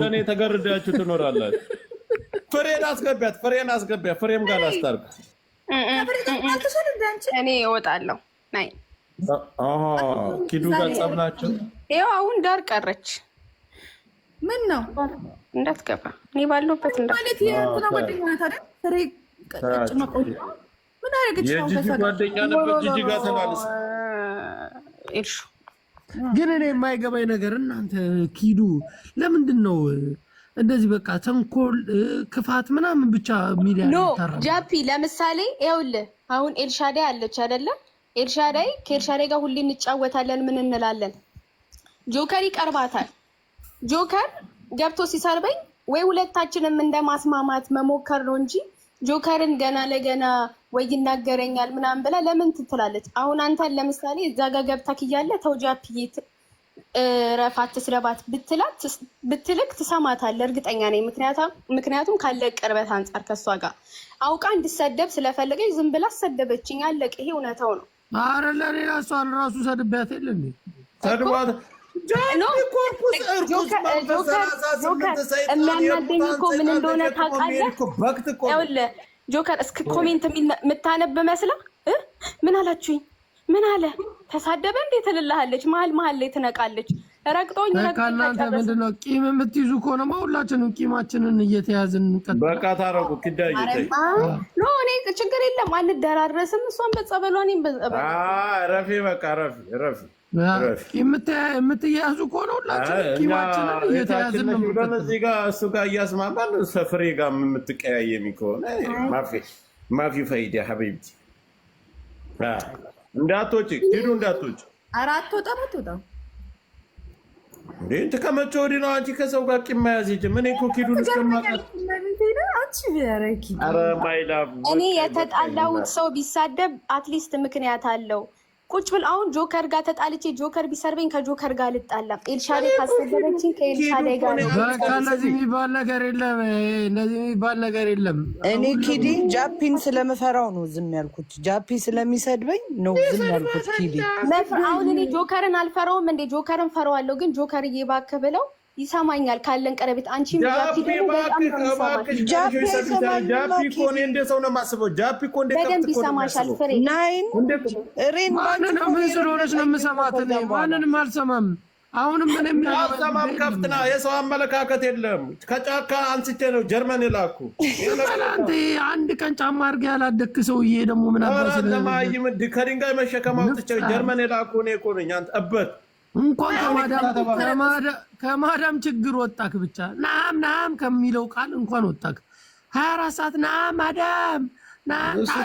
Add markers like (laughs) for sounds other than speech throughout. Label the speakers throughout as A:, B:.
A: ለእኔ ተገርዳችሁ ትኖራላችሁ። ፍሬን አስገቢያት፣ ፍሬን አስገቢያት፣ ፍሬም ጋር አስታርቅ።
B: እኔ እወጣለሁ።
A: ኪዱ ጋር ጸብ ናቸው።
B: ይኸው አሁን ዳር ቀረች። ምን ነው እንዳትገባ፣ እኔ ባለሁበት
C: እንዳትገባ።
A: ግን እኔ የማይገባኝ ነገር እናንተ ኪዱ ለምንድን ነው እንደዚህ በቃ ተንኮል፣ ክፋት ምናምን ብቻ ሚዲያ
B: ጃፒ ለምሳሌ ይኸውልህ አሁን ኤልሻዳይ አለች አይደለም? ኤልሻዳይ ከኤልሻዳይ ጋር ሁሌ እንጫወታለን ምን እንላለን። ጆከር ይቀርባታል። ጆከር ገብቶ ሲሰርበኝ ወይ ሁለታችንም እንደ ማስማማት መሞከር ነው እንጂ ጆከርን ገና ለገና ወይ ይናገረኛል ምናምን ብላ ለምን ትትላለች። አሁን አንተን ለምሳሌ እዛ ጋ ገብታ ክያለ ተውጃፕዬ ረፋት ትስለባት ብትላት ብትልክ ትሰማታለህ፣ እርግጠኛ ነኝ። ምክንያቱም ካለ ቅርበት አንጻር ከእሷ ጋር አውቃ እንድሰደብ ስለፈለገች ዝም ብላ ሰደበችኝ፣ አለቅ። ይሄ እውነታው ነው።
A: አረ ለሌላ እሷን ራሱ ሰድቢያት የለ ሰድባት
B: የሚያናደኝ እኮ ምን እንደሆነ
A: ታውቃለህ?
B: ጆከር እስከ ኮሜንት የምታነብ መስላ ምን አላችሁኝ? ምን አለ ተሳደበ እንዴ ትልልሃለች። መሀል መሀል ላይ ትነቃለች። ረግጦኝ
A: ከእናንተ ምንድን ቂም የምትይዙ ከሆነማ ሁላችንም ቂማችንን እየተያዝን በቃ ታረቁ።
B: ኖ እኔ ችግር የለም አንደራረስም። እሷን በጸበሏኔ
A: ረፊ በቃ ረፊ ረፊ የምትያያዙ ከሆነ ሁላችንም እየተያዝን እዚህ ጋር እሱ ጋር እያስማማል ሰፍሬ ጋር የምትቀያየሚ ከሆነ ማፊ ፈይድ ሀቢብቲ እንዳቶች ሂዱ እንዳቶች
B: አራት ወጣ ወጣ
A: እንዴት ከመቼ ወዲህ ነው አንቺ ከሰው ጋር ቂም መያዝ የጀመርሽ? እኔ እኮ ኪዱን እስከማውቃት
B: እኔ የተጣላሁት ሰው ቢሳደብ አትሊስት ምክንያት አለው። ቁጭ ብል አሁን ጆከር ጋር ተጣልቼ ጆከር ቢሰርበኝ ከጆከር ጋር አልጣላም። ኤልሻዴ ካስገደደችኝ ከኤልሻዴ ጋር
A: እንደዚህ የሚባል ነገር የለም። እንደዚህ የሚባል ነገር የለም።
D: እኔ ኪዲ ጃፒን ስለምፈራው ነው ዝም ያልኩት። ጃፒ ስለሚሰድበኝ ነው ዝም ያልኩት። ኪዲ
B: አሁን እኔ ጆከርን አልፈራውም እንዴ? ጆከርን ፈረዋለሁ፣ ግን ጆከር እየባክ ብለው ይሰማኛል ካለን ቀረቤት አንቺ ጃፒ በደንብ ይሰማሻል።
C: ፍሬ ናይን
A: ማንንም ምን ስለሆነች ነው የምሰማት? ማንንም አልሰማም። አሁንም ምንም ሰማም ከፍትና የሰው አመለካከት የለም። ከጫካ አንስቼ ነው ጀርመን የላኩ አንተ አንድ ቀን ጫማ አድርገህ ያላደክ ሰውዬ ደግሞ ምናምን ከድንጋይ መሸከም አውጥቼ ጀርመን የላኩ እኔ እኮ ነኝ አንተ እበት እንኳን ከማዳም ችግር ወጣክ ብቻ ናም ናም ከሚለው ቃል እንኳን ወጣክ። ሀያ አራት ሰዓት ና ማዳም አሁን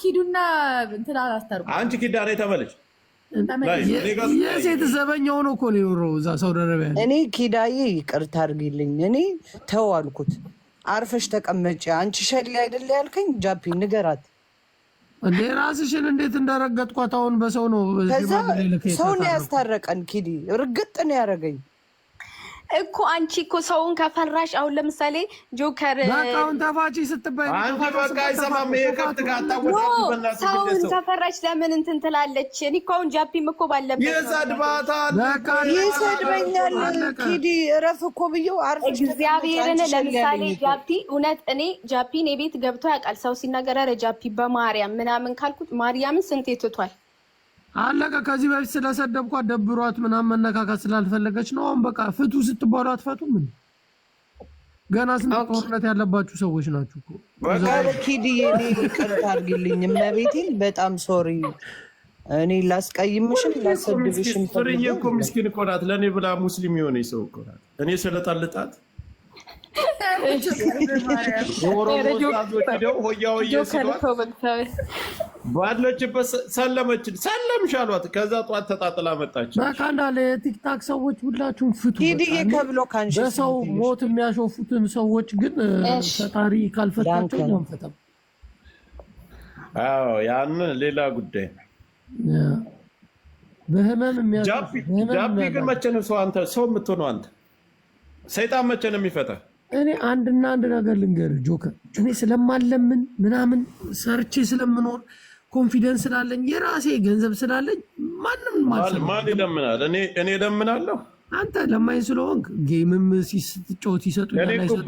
B: ኪዱና እንትን አላስተርጉ
A: አንቺ ኪዳኔ ተመለች። የሴት ዘበኛ ሆኖ እኮ ነው የኖረው እዛ ሳውዲ አረቢያ።
D: እኔ ኪዳዬ ይቅርታ አድርጊልኝ፣ እኔ ተው አልኩት። አርፈሽ ተቀመጭ። አንቺ ሸሌ አይደለ ያልከኝ? ጃፒ ንገራት
A: እንዴ ራስሽን እንዴት እንደረገጥኳት አሁን በሰው ነው።
D: ከዛ ሰው ነው ያስታረቀን። ኪዲ ርግጥ ነው ያደረገኝ።
B: እኮ አንቺ እኮ ሰውን ከፈራሽ፣ አሁን ለምሳሌ ጆከር ተፋጭ ሰውን ከፈራሽ ለምን እንትን ትላለች? እኔ እኮ አሁን ጃፒም እኮ ባለበት
D: ይሰድበኛል። ኪዲ እረፍ እኮ ብዬ አር
B: እግዚአብሔርን ለምሳሌ ጃፒ እውነት እኔ ጃፒን የቤት ገብቶ ያውቃል። ሰው ሲናገር ኧረ ጃፒ በማርያም ምናምን ካልኩት ማርያምን ስንቴ ትቷል።
A: አለቀ። ከዚህ በፊት ስለሰደብኳ ደብሯት ምናምን መነካካት ስላልፈለገች ነው። አሁን በቃ ፍቱ ስትባሉ አትፈቱም። ምን ገና ስንት ጦርነት ያለባችሁ ሰዎች ናችሁ።
D: ኪድዬ ይቅርታ አድርጊልኝ እመቤቴን። በጣም ሶሪ እኔ ላስቀይምሽም ላሰድብሽም።
A: ፍርዬ እኮ ምስኪን እኮ ናት። ለእኔ ብላ ሙስሊም የሆነ ሰው እኮ ናት። እኔ ስለጣልጣት ባለችበት ሰለመችን፣ ሰለምሽ አሏት። ከዛ ጠዋት ተጣጥላ መጣች። በቃ የቲክታክ ሰዎች ሁላችሁም ፍቱ። በሰው ሞት የሚያሾፉትን ሰዎች ግን ፈጣሪ ካልፈታቸው ያን ሌላ ጉዳይ በህመም ጃፒ ግን መቼ ነው ሰው አንተ ሰው የምትሆነው አንተ ሰይጣን መቼ ነው የሚፈታ? እኔ አንድና አንድ ነገር ልንገርህ ጆከር፣ እኔ ስለማለምን ምናምን ሰርቼ ስለምኖር ኮንፊደንስ ስላለኝ የራሴ ገንዘብ ስላለኝ ማንም ማን ይለምናል? እኔ እለምናለሁ። አንተ ለማኝ ስለሆንክ ጌምም ስትጮት ይሰጡኛል።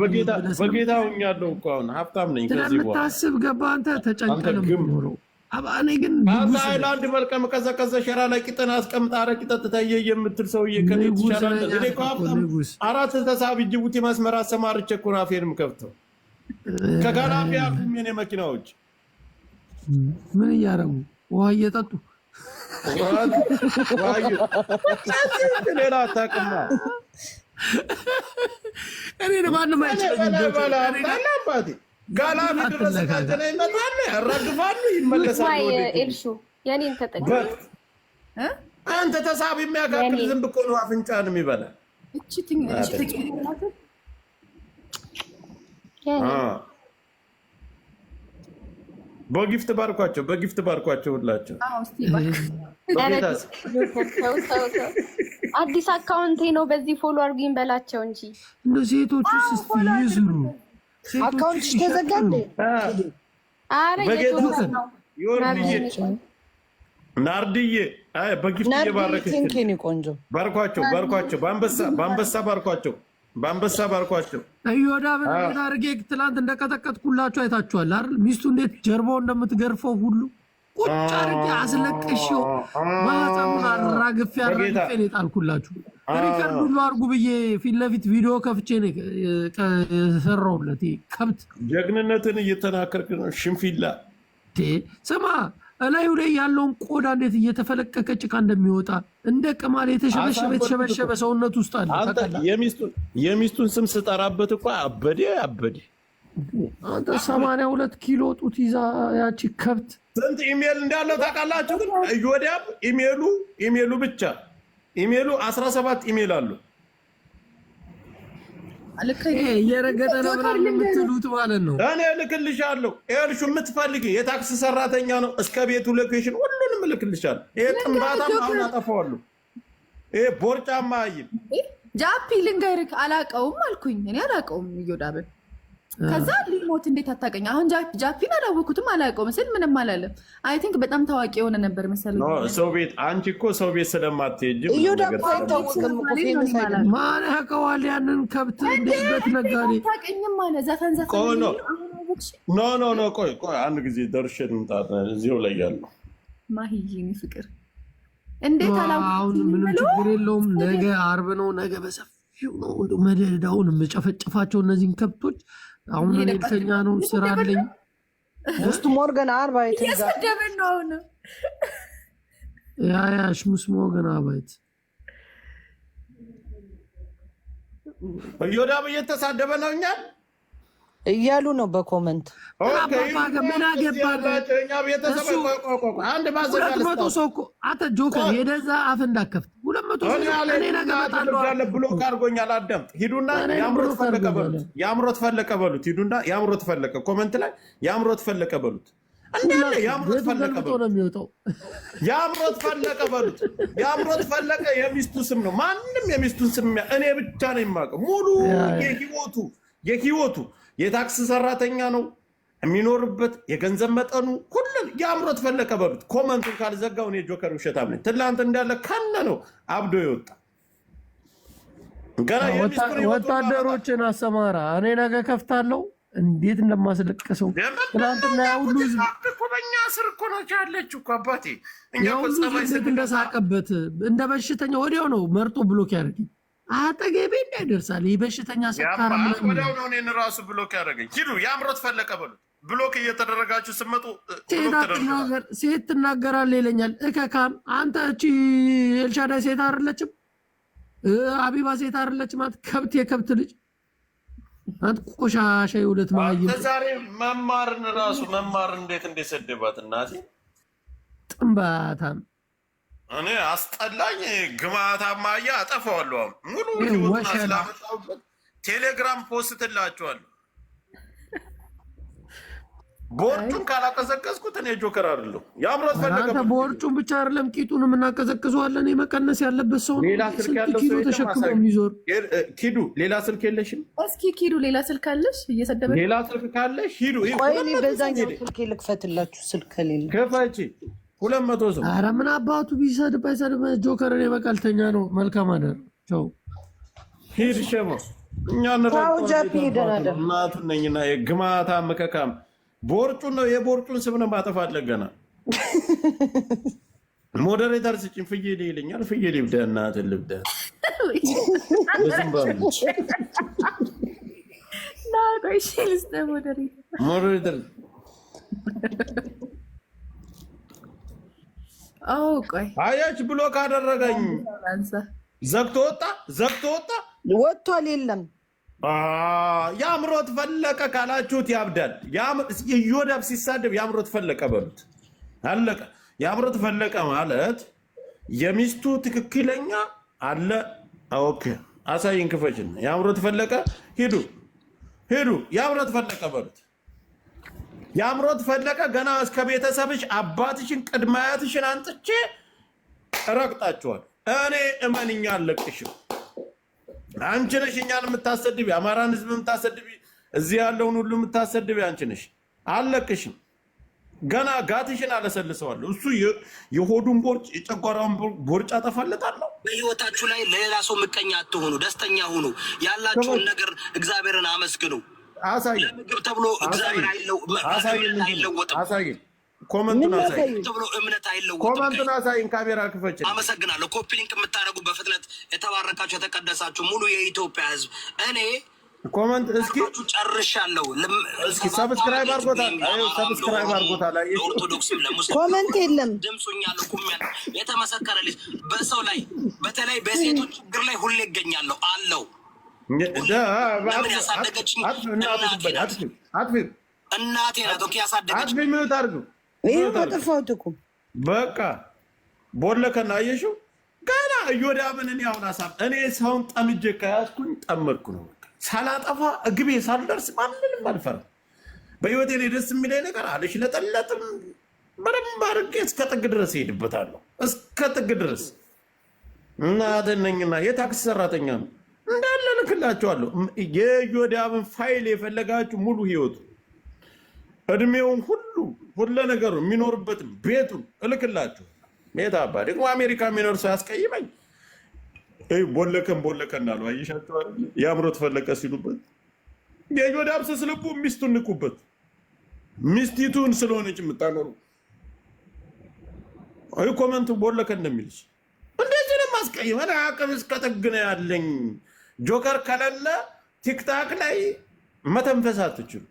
A: በጌታ ሆኛለሁ እኮ አሁን ሀብታም ነኝ ስለምታስብ ገባ አንተ ተጨንቀለም ኖረው እኔ ግን በሀይላንድ መልቀም ቀዘቀዘ ሸራ ላይ ቂጥን አስቀምጣ አረቂ ጠጥታዬ የምትል ሰውዬ ከኔ አራት ተሳቢ ጅቡቲ መስመር አሰማርቼ እኮ ነው አፌንም ከፍተው ከጋላፊ አቁም የኔ መኪናዎች ምን እያረጉ ውሃ እየጠጡ ሌላ አታውቅማ። እኔ ማንም አይችልም። ጋላ ደረሰና ይመጣል፣ ያራግፋሉ፣
B: ይመለሳሉ።
A: አንተ ተሳብ የሚያካክል ዝም ብኮ ነው አፍንጫን የሚበላ በጊፍት ባርኳቸው፣ በጊፍት ባርኳቸው ሁላቸው።
B: አዲስ አካውንቴ ነው፣ በዚህ ፎሎ አርጉኝ በላቸው እንጂ
A: ሴቶቹ ስስ ይዝሩ
D: አካውንትሽ ተዘጋ። በጊፍት እየባረከች ቆንጆ
A: ባርኳቸው፣ ባርኳቸው፣ በአንበሳ ባርኳቸው፣ በአንበሳ ባርኳቸው። እዮዳ በጣም ትላንት እንደቀጠቀጥኩላችሁ አይታችኋል አይደል? ሚስቱ እንዴት ጀርባው እንደምትገርፈው ሁሉ ቁጭ አድርጌ አስለቅሼው ማህፀኑን አራግፌ አራግፌ ነው የጣልኩላችሁ። ሪከርድ ሁሉ አድርጉ ብዬ ፊት ለፊት ቪዲዮ ከፍቼ የሰራሁለት። ከብት ጀግንነትን እየተናከርክ ነው። ሽንፊላ ስማ፣ እላዩ ላይ ያለውን ቆዳ እንዴት እየተፈለቀቀ ጭቃ እንደሚወጣ እንደ ቅማል የተሸበሸበ የተሸበሸበ ሰውነት ውስጥ አለ። የሚስቱን ስም ስጠራበት እኮ አበዴ አበዴ። አንተ ሰማንያ ሁለት ኪሎ ጡት ይዛ ያቺ ከብት ስንት ኢሜል እንዳለው ታውቃላችሁ? ግን ኢዮዳብ ኢሜሉ ኢሜሉ ብቻ ኢሜሉ 17 ኢሜል አሉ። ልከኝ የረገጠ ነው ምናምን የምትሉት ማለት ነው። እኔ እልክልሻለሁ። ኤልሹ የምትፈልጊ የታክስ ሰራተኛ ነው። እስከ ቤቱ ሎኬሽን ሁሉንም እልክልሻለሁ። ይሄ ጥንባታም አሁን አጠፋዋለሁ። ይሄ ቦርጫማ አይም
B: ጃፒ ልንገርህ፣ አላቀውም አልኩኝ። እኔ አላቀውም እዮዳብን ከዛ ሊሞት እንዴት አታገኝ? አሁን ጃፒን አላወኩትም፣ አላውቀውም ስል ምንም አላለም። አይ ቲንክ በጣም ታዋቂ የሆነ ነበር መሰለኝ።
A: ሰው ቤት አንቺ እኮ ሰው ቤት ስለማትሄጂ ማን ያውቀዋል? ያንን ከብት ቤት ነጋዴ
B: ታውቀኝም አለ። ዘፈን
A: ዘፈን ኖ ኖ ኖ፣ ቆይ ቆይ፣ አንድ ጊዜ ደርሼ እንምጣት። እዚሁ ላይ ያሉ
B: ማሂዬ ፍቅር
A: እንዴት አሁን ምንም ችግር የለውም። ነገ አርብ ነው። ነገ በሰፊው ነው መደዳውን የምጨፈጭፋቸው እነዚህን ከብቶች አሁን እኔ ልተኛ ነው፣ ስራ አለኝ።
D: ውስጡ ሞርገን አርባይት
B: እያስደበን ነው አሁን
A: ያ ያ ሽሙስ ሞርገን አርባይት እዮዳብ እየተሳደበ ነው እኛን
D: እያሉ ነው በኮመንት
A: ምን አገባለአንድ ጆከር የደዛ አፍ እንዳከፍት ሁለት መቶ አድርጎኛል። ሂዱና ፈለቀ በሉት። ሂዱና ፈለቀ ኮመንት ላይ የአእምሮት ፈለቀ በሉት። የአእምሮት ፈለቀ በሉት። የአእምሮት ፈለቀ የሚስቱ ስም ነው። ማንም የሚስቱን ስም እኔ ብቻ ነው የማውቀው ሙሉ የህይወቱ የህይወቱ የታክስ ሰራተኛ ነው የሚኖርበት የገንዘብ መጠኑ ሁሉን የአእምሮት ፈለቀ በሉት። ኮመንቱን ካልዘጋው እኔ ጆከር ውሸታም ነኝ። ትላንት እንዳለ ካለ ነው አብዶ የወጣ ወታደሮችን አሰማራ። እኔ ነገ ከፍታለው እንዴት እንደማስለቅሰው ትላንትና ያሁሉ በኛ ስር እኮ ነች ያለች እኮ አባቴ እንደሳቀበት እንደ በሽተኛ ወዲያው ነው መርጦ ብሎክ ያደርግኝ አጠገቤ እንዳይደርሳል። ይህ በሽተኛ ሰካር ሰካራሆኔን ራሱ ብሎክ ያደረገኝ ሂዱ የአምሮት ፈለቀ በሉት። ብሎክ እየተደረጋችሁ ስመጡ ሴት ትናገራል ይለኛል። እከካም አንተ እቺ ኤልሻዳይ ሴት አይደለችም፣ አቢባ ሴት አይደለችም። አንተ ከብት የከብት ልጅ አንተ ቆሻሻ የሁለት ማይ ዛሬ መማርን ራሱ መማር እንዴት እንደሰደባት እናቴ ጥንባታም እኔ አስጠላኝ። ግማታማ አያ አጠፋዋለሁ። ሙሉ ቴሌግራም ፖስትላችኋለሁ። ቦርጩን ካላቀዘቀዝኩት እኔ ጆከር አይደለሁ። የአምረት ፈለገ ቦርጩን ብቻ አይደለም ቂጡን የምናቀዘቅዘዋለን። የመቀነስ ያለበት ሰው ሌላ ስልክ ያለው ኪዱ ተሸክሞ የሚዞር ኪዱ፣ ሌላ ስልክ የለሽም?
B: እስኪ ኪዱ፣ ሌላ ስልክ ካለሽ እየሰደበ
A: ሌላ ስልክ ካለሽ ሂዱ።
B: ቆይ በዛኛው
D: ስልክ ልክፈትላችሁ። ስልክ ከሌለ
A: ክፈቺ ሁለት መቶ ሰው ኧረ ምን አባቱ ቢሰድብ አይሰድብ ጆከር እኔ በቀልተኛ ነው። መልካም አደር ቸው ሂድ ሸሞ እኛ
B: እናቱ
A: ነኝና ግማታ መከካም ቦርጩን ነው የቦርጩን ስም ነው ማጠፋት ለገና (laughs) ሞዴሬተር ስጭኝ ፍየል ይልኛል ፍየል ይብዳ እናትን ልብዳ (laughs) (laughs) ሞደሬተር አያች ብሎ ካደረገኝ ዘግቶ ወጣ፣ ዘግቶ ወጣ፣
B: ወጥቷል። የለም
A: የአእምሮት ፈለቀ ካላችሁት ያብዳል። ኢዮዳብ ሲሳደብ የአእምሮት ፈለቀ በሉት፣ አለቀ። የአእምሮት ፈለቀ ማለት የሚስቱ ትክክለኛ አለ። ኦኬ አሳይን፣ ክፈችን። የአእምሮት ፈለቀ ሂዱ፣ ሂዱ፣ የአእምሮት ፈለቀ በሉት። የአምሮት ፈለቀ ገና እስከ ቤተሰብሽ አባትሽን ቅድማያትሽን አንጥቼ ረግጣችኋል። እኔ እመንኛ አልለቅሽም። አንቺ ነሽ እኛን የምታሰድቢ፣ አማራን ህዝብ የምታሰድቢ፣ እዚህ ያለውን ሁሉ የምታሰድቢ አንቺ ነሽ። ገና ጋትሽን አለሰልሰዋለሁ። እሱ የሆዱን ቦርጭ የጨጓራውን ቦርጭ አጠፋለታለሁ።
E: በህይወታችሁ ላይ ለሌላ ሰው ምቀኛ አትሆኑ፣ ደስተኛ ሁኑ። ያላችሁን ነገር እግዚአብሔርን አመስግኑ። ለምግብ ተብሎ እግዚአብሔር አይለወጥም።
A: ኮመንቱን አሳይን። ካሜራ ክፈች።
E: አመሰግናለሁ። ኮፒ ሊንክ የምታደርጉ በፍጥነት የተባረካችሁ የተቀደሳችሁ ሙሉ የኢትዮጵያ ሕዝብ እኔ
A: ኮመንት እስኪ
E: ጨርሻለሁ።
A: እስኪ ሰብስክራይብ አድርጎታል። ሰብስክራይብ አድርጎታል። አይ
B: ለሙስሊም ኮመንት የለም።
E: ድምጹኛል ኩሚያል የተመሰከረልኝ በሰው ላይ በተለይ በሴቶች ችግር ላይ ሁሌ ይገኛለሁ አለው
A: በቃ ቦለከና አየሽው። ገና እዮዳብን እኔ አሁን ሀሳብ እኔ ሰውን ጠምጄ ከያዝኩኝ ጠመድኩ ነው። ሳላጠፋ እግቤ ሳልደርስ ማንንም አልፈራም። በህይወቴ ላይ ደስ የሚለኝ ነገር አለሽ ለጠለጥም በደንብ አድርጌ እስከ ጥግ ድረስ ይሄድበታለሁ። እስከ ጥግ ድረስ እናትነኝና የታክሲ ሰራተኛ ነው እልክላችኋለሁ። የኢዮዳብን ፋይል የፈለጋችሁ ሙሉ ህይወቱ፣ እድሜውን ሁሉ ሁለ ነገሩ የሚኖርበትን ቤቱን እልክላችሁ። ቤት አባ ደግሞ አሜሪካ የሚኖር ሰው ያስቀይመኝ። ቦለከን ቦለከን አሉ አይሻቸዋል። የአእምሮት ተፈለቀ ሲሉበት የኢዮዳብ ስስ ልቡ ሚስቱን ንቁበት። ሚስቲቱን ስለሆነች የምታኖሩ ኮመንቱ ቦለከን እንደሚልች እንደዚህ ነው ማስቀይመን አቅም እስከ ጥግ ነው ያለኝ። ጆከር ከሌለ ቲክታክ ላይ መተንፈስ አትችሉ።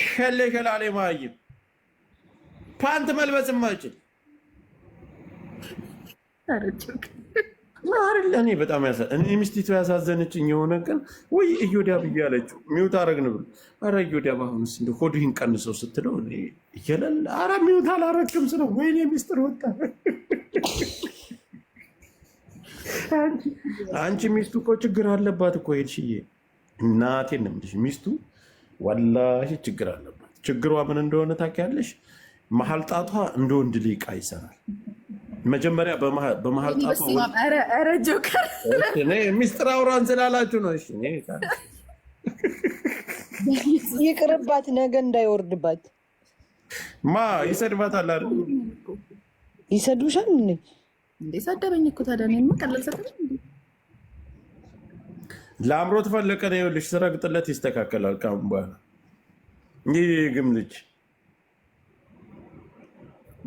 A: ሸሌ ሸላሌ ማይም ፓንት መልበስ ማችል እኔ በጣም ያሳ እኔ ሚስቲቱ ያሳዘነችኝ የሆነ ቀን ወይ እዮዳብ እያለችው ሚውት አረግን ብሎ አረ እዮዳብ አሁንስ እንደ ሆድህን ቀንሰው ስትለው እየለለ አረ ሚውት አላረግም ስለው ወይኔ ሚስጥር ወጣ አንቺ ሚስቱ እኮ ችግር አለባት እኮ ሄድሽዬ፣ እናቴን ነው የምልሽ። ሚስቱ ወላሂ ችግር አለባት። ችግሯ ምን እንደሆነ ታውቂያለሽ? መሀል ጣቷ እንደ ወንድ ሊቃ ይሰራል። መጀመሪያ በመሀል ጣቷ ሚስጥር አውራን ስላላችሁ ነው።
B: (laughs) ይቅርባት፣ ነገ እንዳይወርድባት።
A: ማ ይሰድባታል አይደል?
B: ይሰዱሻል እንዴ ሰደበኝ እኮ ታዲያ እኔማ ቀለል ሰጠኝ።
A: ለአእምሮ ተፈለቀ ነው ይኸውልሽ፣ ስረግጥለት ይስተካከላል። ካሁን በኋላ ይህ ግም ልጅ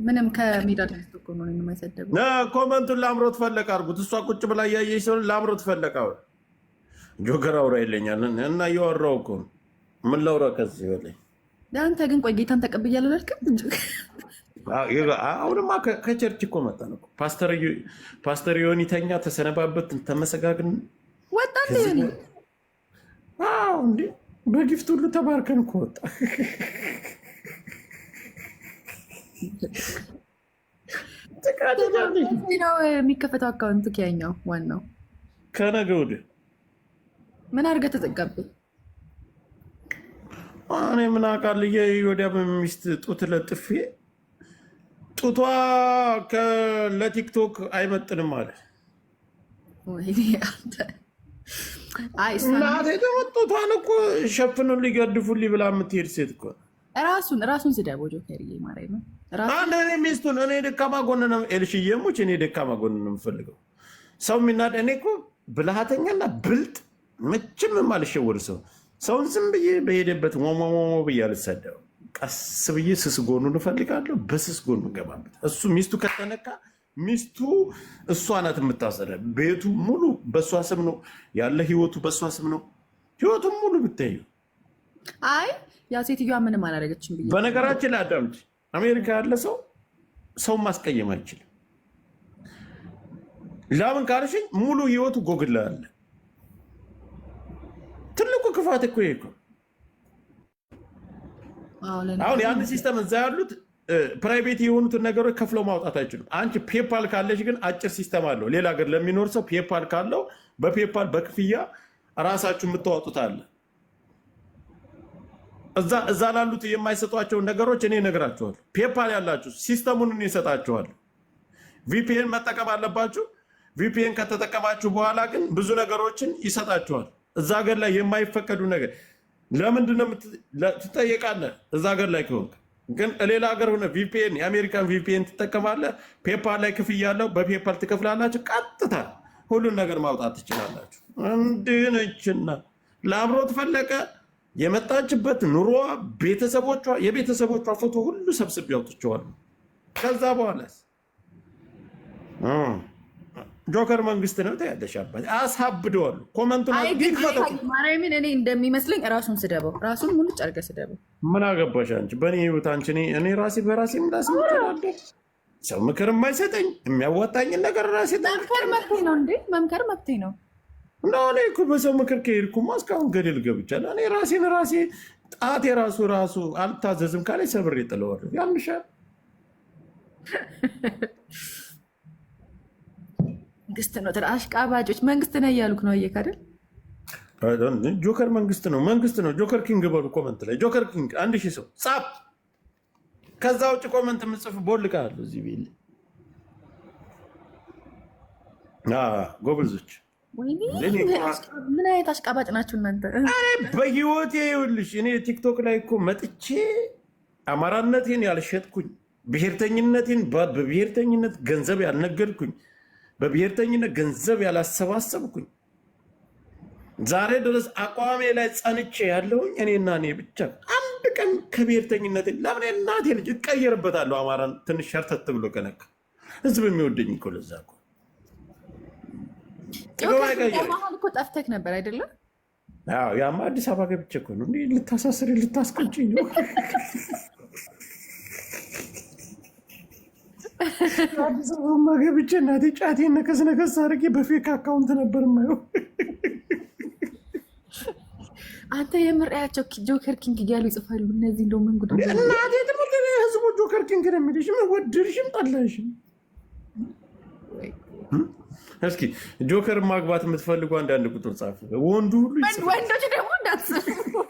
B: ምንም ከሜዳ ተነስቶ እኮ ነው
A: የማይሰደበው። ኮመንቱን ለአምሮ ተፈለቀ አድርጉት። እሷ ቁጭ ብላ እያየች ሲሆን ለአምሮ ተፈለቀ አሁን ጆገር አውራ የለኛል እና እያወራሁ እኮ ምን ላውራ ከዚህ በላይ
B: ለአንተ ግን ቆይ ጌታን ተቀብያለሁ አልክም
A: አሁንማ ከቸርች እኮ መጣን እኮ ፓስተር ዮኒ ተኛ፣ ተሰነባበት፣ ተመሰጋግን
B: ወጣን። ዮኒ
A: እንዴ በጊፍት ሁሉ ተባርከን እኮ ወጣ።
B: ነው የሚከፈተው አካውንቱ ያኛው ዋናው
A: ከነገ ወዲያ
B: ምን አድርገህ ተጠቀምብኝ?
A: እኔ ምን አውቃለሁ። የወዲያ ሚስት ጡት ለጥፌ ጡቷ ለቲክቶክ አይመጥንም አለ። እናቴ ደግሞ ጡቷን እኮ ሸፍኑን ሊገድፉልኝ ብላ የምትሄድ ሴት እኮ
B: ራሱን ራሱን ስደቦ ጆከር ማርያምን
A: አንድ እኔ ሚስቱን እኔ ደካማ ጎን ነው ኤልሽዬሞች፣ እኔ ደካማ ጎን ነው የምፈልገው ሰው የሚናደ እኔ እኮ ብልሃተኛና ብልጥ መቼም የማልሸወድ ሰው ሰውን ዝም ብዬ በሄደበት ሞሞሞሞ ብዬ አልሳደብም። ቀስ ብዬ ስስ ጎኑን እፈልጋለሁ። በስስ ጎኑ እንገባበት። እሱ ሚስቱ ከተነካ ሚስቱ እሷ ናት የምታሰረ። ቤቱ ሙሉ በእሷ ስም ነው ያለ፣ ህይወቱ በእሷ ስም ነው። ህይወቱ ሙሉ ብታዩ፣
B: አይ ያ ሴትዮዋ ምንም አላደረገችም።
A: በነገራችን ላይ አዳምጪ፣ አሜሪካ ያለ ሰው ሰው ማስቀየም አይችልም። ለምን ካልሽኝ ሙሉ ህይወቱ ጎግላ አለ። ትልቁ ክፋት እኮ ይሄ አሁን ያን ሲስተም እዛ ያሉት ፕራይቬት የሆኑትን ነገሮች ከፍለው ማውጣት አይችሉም። አንቺ ፔፓል ካለሽ ግን አጭር ሲስተም አለው። ሌላ ሀገር ለሚኖር ሰው ፔፓል ካለው በፔፓል በክፍያ ራሳችሁ የምታወጡት አለ። እዛ ላሉት የማይሰጧቸውን ነገሮች እኔ እነግራችኋለሁ። ፔፓል ያላችሁ ሲስተሙን እኔ እሰጣችኋለሁ። ቪፒኤን መጠቀም አለባችሁ። ቪፒኤን ከተጠቀማችሁ በኋላ ግን ብዙ ነገሮችን ይሰጣችኋል። እዛ ሀገር ላይ የማይፈቀዱ ነገር ለምንድን ነው ትጠየቃለህ? እዛ ሀገር ላይ ከሆንክ ግን ሌላ ሀገር ሆነ ቪፒኤን የአሜሪካን ቪፒኤን ትጠቀማለህ። ፔፓል ላይ ክፍያ አለው። በፔፓል ትከፍላላችሁ። ቀጥታ ሁሉን ነገር ማውጣት ትችላላችሁ። እንዲህ ነችና ለአብሮት የመጣችበት ኑሮዋ፣ ቤተሰቦቿ፣ የቤተሰቦቿ ፎቶ ሁሉ ሰብስቤ አውጥቼዋለሁ። ከዛ በኋላስ ጆከር መንግስት ነው ተያደሻበት አሳብደዋሉ። ኮመንቱን
B: ማርያምን እኔ እንደሚመስለኝ ራሱን ስደበው ራሱን ሙሉ አድርገህ ስደበው።
A: ምን አገባሽ አንቺ በእኔ ህይወት አንቺ እኔ ራሴ በራሴ
B: ምላስ ምትላለሁ።
A: ሰው ምክር የማይሰጠኝ የሚያዋጣኝን ነገር ራሴ
B: መምከር መብቴ ነው እንዴ? መምከር መብቴ ነው
A: እና እኔ እኮ በሰው ምክር ከሄድኩማ እስካሁን ገደል ገብቻለሁ። እኔ ራሴን ራሴ ጣት የራሱ ራሱ አልታዘዝም ካላይ ሰብሬ ጥለዋለሁ። ያምሻል
B: መንግስት ነው አሽቃባጮች መንግስት ነው እያሉክ ነው። አየህ አይደል?
A: ጆከር መንግስት ነው መንግስት ነው። ጆከር ኪንግ በሉ ኮመንት ላይ ጆከር ኪንግ አንድ ሺህ ሰው ጻፍ። ከዛ ውጭ ኮመንት የምጽፍ ቦልቃሉ እዚህ ቤል ጎበዞች።
B: ምን አይነት አሽቃባጭ ናችሁ እናንተ?
A: በህይወት ይኸውልሽ፣ እኔ ቲክቶክ ላይ እኮ መጥቼ አማራነቴን ያልሸጥኩኝ ብሔርተኝነቴን በብሔርተኝነት ገንዘብ ያልነገድኩኝ በብሔርተኝነት ገንዘብ ያላሰባሰብኩኝ ዛሬ ድረስ አቋሜ ላይ ጸንቼ ያለውኝ እኔና እኔ ብቻ። አንድ ቀን ከብሔርተኝነት ለምን እናቴ ልጅ እቀየርበታለሁ። አማራን ትንሽ ሸርተት ብሎ ከነካ ህዝብ የሚወደኝ እኮ ለዛ እኮ
B: እኮ ጠፍተህ ነበር አይደለም?
A: ያማ አዲስ አበባ ገብቼ እኮ ነው ልታሳስሪ ልታስቀጭኝ ነው አዲስ አበባ ገብቼ እናቴ ጫቴን ነከስ ነከስ አድርጌ በፌክ አካውንት ነበር የማየው።
B: አንተ ጆከር ኪንግ እያሉ ይጽፋሉ። እነዚህ እንደው ምን
A: እናቴ ትምህርት ቤት ህዝቡ ጆከር ኪንግ ነው የሚልሽ። ወድርሽም ጠላሽም። እስኪ ጆከር ማግባት የምትፈልጉ አንዳንድ ቁጥር ጻፉ። ወንዱ ሁሉ
B: ወንዶች ደግሞ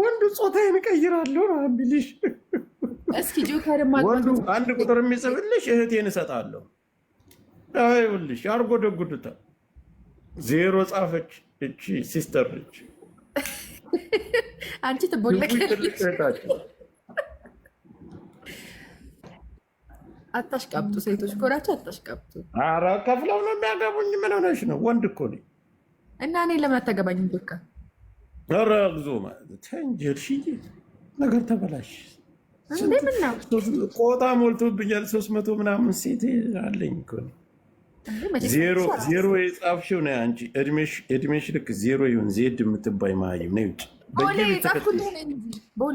A: ወንዱ ጾታዬን እቀይራለሁ ነው የሚልሽ እስኪ ጆከር ወንዱ አንድ ቁጥር የሚጽፍልሽ እህቴን እሰጣለሁ ይኸውልሽ አርጎ ደጉድታ ዜሮ ጻፈች። እቺ ሲስተር እች
B: (laughs) አንቺ ትቦለቀልሽ። አታሽቃብጡ፣ ሴቶች ኮራቸው አታሽቃብጡ።
A: ኧረ ከፍለው ነው የሚያገቡኝ። ምን ሆነሽ ነው? ወንድ እኮ ነኝ
B: እና እኔ ለምን አታገባኝ? ዶካ
A: ኧረ ብዙ ማለት ተንጀርሽ ነገር ተበላሽ ቆጣ ሞልቶብኛል። ሶስት መቶ ምናምን ሴት አለኝ እኮ ነው። ዜሮ የጻፍሽው ነ አንቺ። እድሜሽ ልክ ዜሮ ይሁን ዜድ የምትባይ መሀይም ነ ውጭ
B: ቦሌ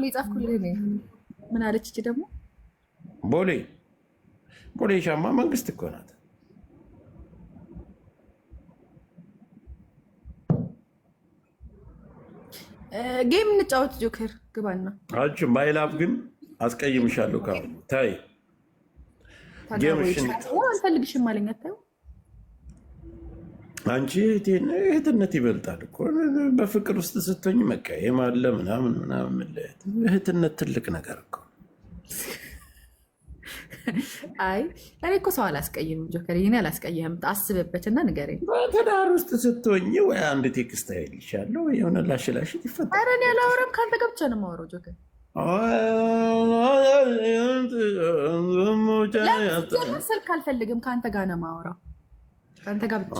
B: የጻፍኩልህ ምን አለች? እች ደግሞ
A: ቦሌ ቦሌ ሻማ መንግስት እኮ ናት።
B: ጌም እንጫወት ጆከር ግባና
A: አችሁ ማይላፍ ግን አስቀይምሻለሁ። ካሁኑ ታይ
B: አንፈልግሽም አለኝ። አታዩ
A: አንቺ እህትነት ይበልጣል እኮ በፍቅር ውስጥ ስትሆኝ መቀየም አለ ምናምን ምናምን መለያየት፣ እህትነት ትልቅ ነገር እኮ።
B: አይ እኔ እኮ ሰው አላስቀይም ጆከር፣ ይህን አላስቀይም። አስብበትና ንገረኝ።
A: በትዳር ውስጥ ስትሆኝ ወይ አንድ ቴክስት አይልሻለሁ የሆነ ላሽላሽ ይፈ
B: ኧረ እኔ አላወራም። ከአንተ ገብቼ ነው የማወራው ጆከር ስልክ አልፈልግም። ከአንተ ጋር ነው የማወራው፣ ከአንተ ጋር ብቻ።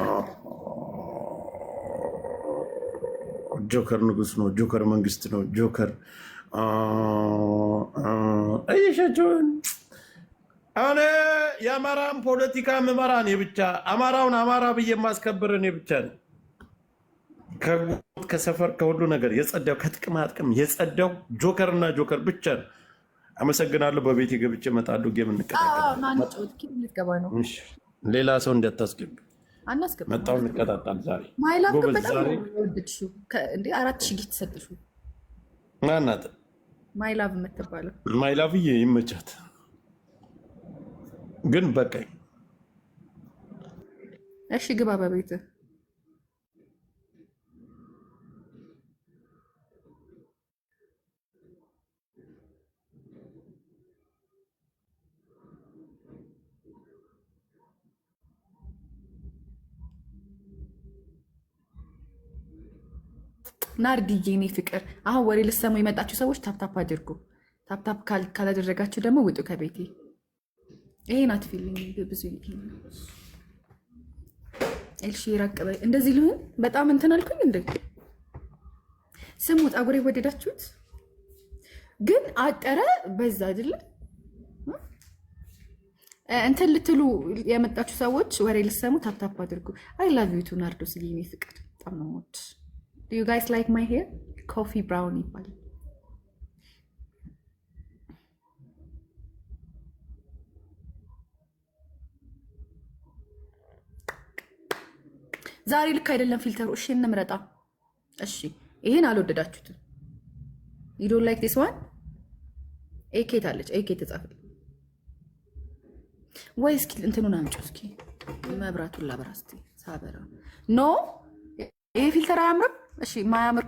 A: ጆከር ንጉስ ነው፣ ጆከር መንግስት ነው፣ ጆከር እየሻቸውን የአማራን ፖለቲካ ምመራ እኔ ብቻ፣ አማራውን አማራ ብዬ የማስከብር እኔ ብቻ ነው። ከጉት ከሰፈር ከሁሉ ነገር የጸዳው ከጥቅማ ጥቅም የጸዳው ጆከር እና ጆከር ብቻ ነው። አመሰግናለሁ። በቤት ገብቼ እመጣለሁ። ጌም
B: እንቀጣለን።
A: ሌላ ሰው እንዳታስገቢ መጣሁ። እንቀጣጣል። ዛሬ
B: አራት ሺህ ጊፍት ሰጥሽው። ማናት ማይላቭ የምትባለው
A: ማይላቭዬ ይመቻት። ግን በቃኝ።
B: እሺ ግባ በቤትህ ናርዲዬ የኔ ፍቅር፣ አሁን ወሬ ልሰሙ የመጣችሁ ሰዎች ታፕታፕ አድርጉ። ታፕታፕ ካላደረጋችሁ ደግሞ ውጡ ከቤቴ። ይሄ ናት አትፊልኝ ብዙ ኤልሺ ራቅበ እንደዚህ ልሁን በጣም እንትን አልኩኝ። እንደ ስሙ ጸጉሬ ወደዳችሁት ግን አጠረ በዛ አይደለ? እንትን ልትሉ የመጣችሁ ሰዎች ወሬ ልሰሙ ታፕታፕ አድርጉ። አይ ላቭ ዩ ቱ ናርዶስ የኔ ፍቅር በጣም ነው የምወድሽ። ዱ ዩ ጋይስ ላይክ ማይ ሄር ኮፊ ብራውን ይባላል። ዛሬ ልክ አይደለም ፊልተሩ። እሺ እንምረጣ። እሺ ይሄን አልወደዳችሁትም። ዩ ዶንት ላይክ ዲስ ዋን ኤኬ ታለች። ኤኬ ተጻፈል ወይ? እስኪ እንትኑን አምጪው እስኪ መብራቱን ላብራ እስኪ ሳበራ። ኖ ይሄ ፊልተር አያምርም። እሺ ማያምር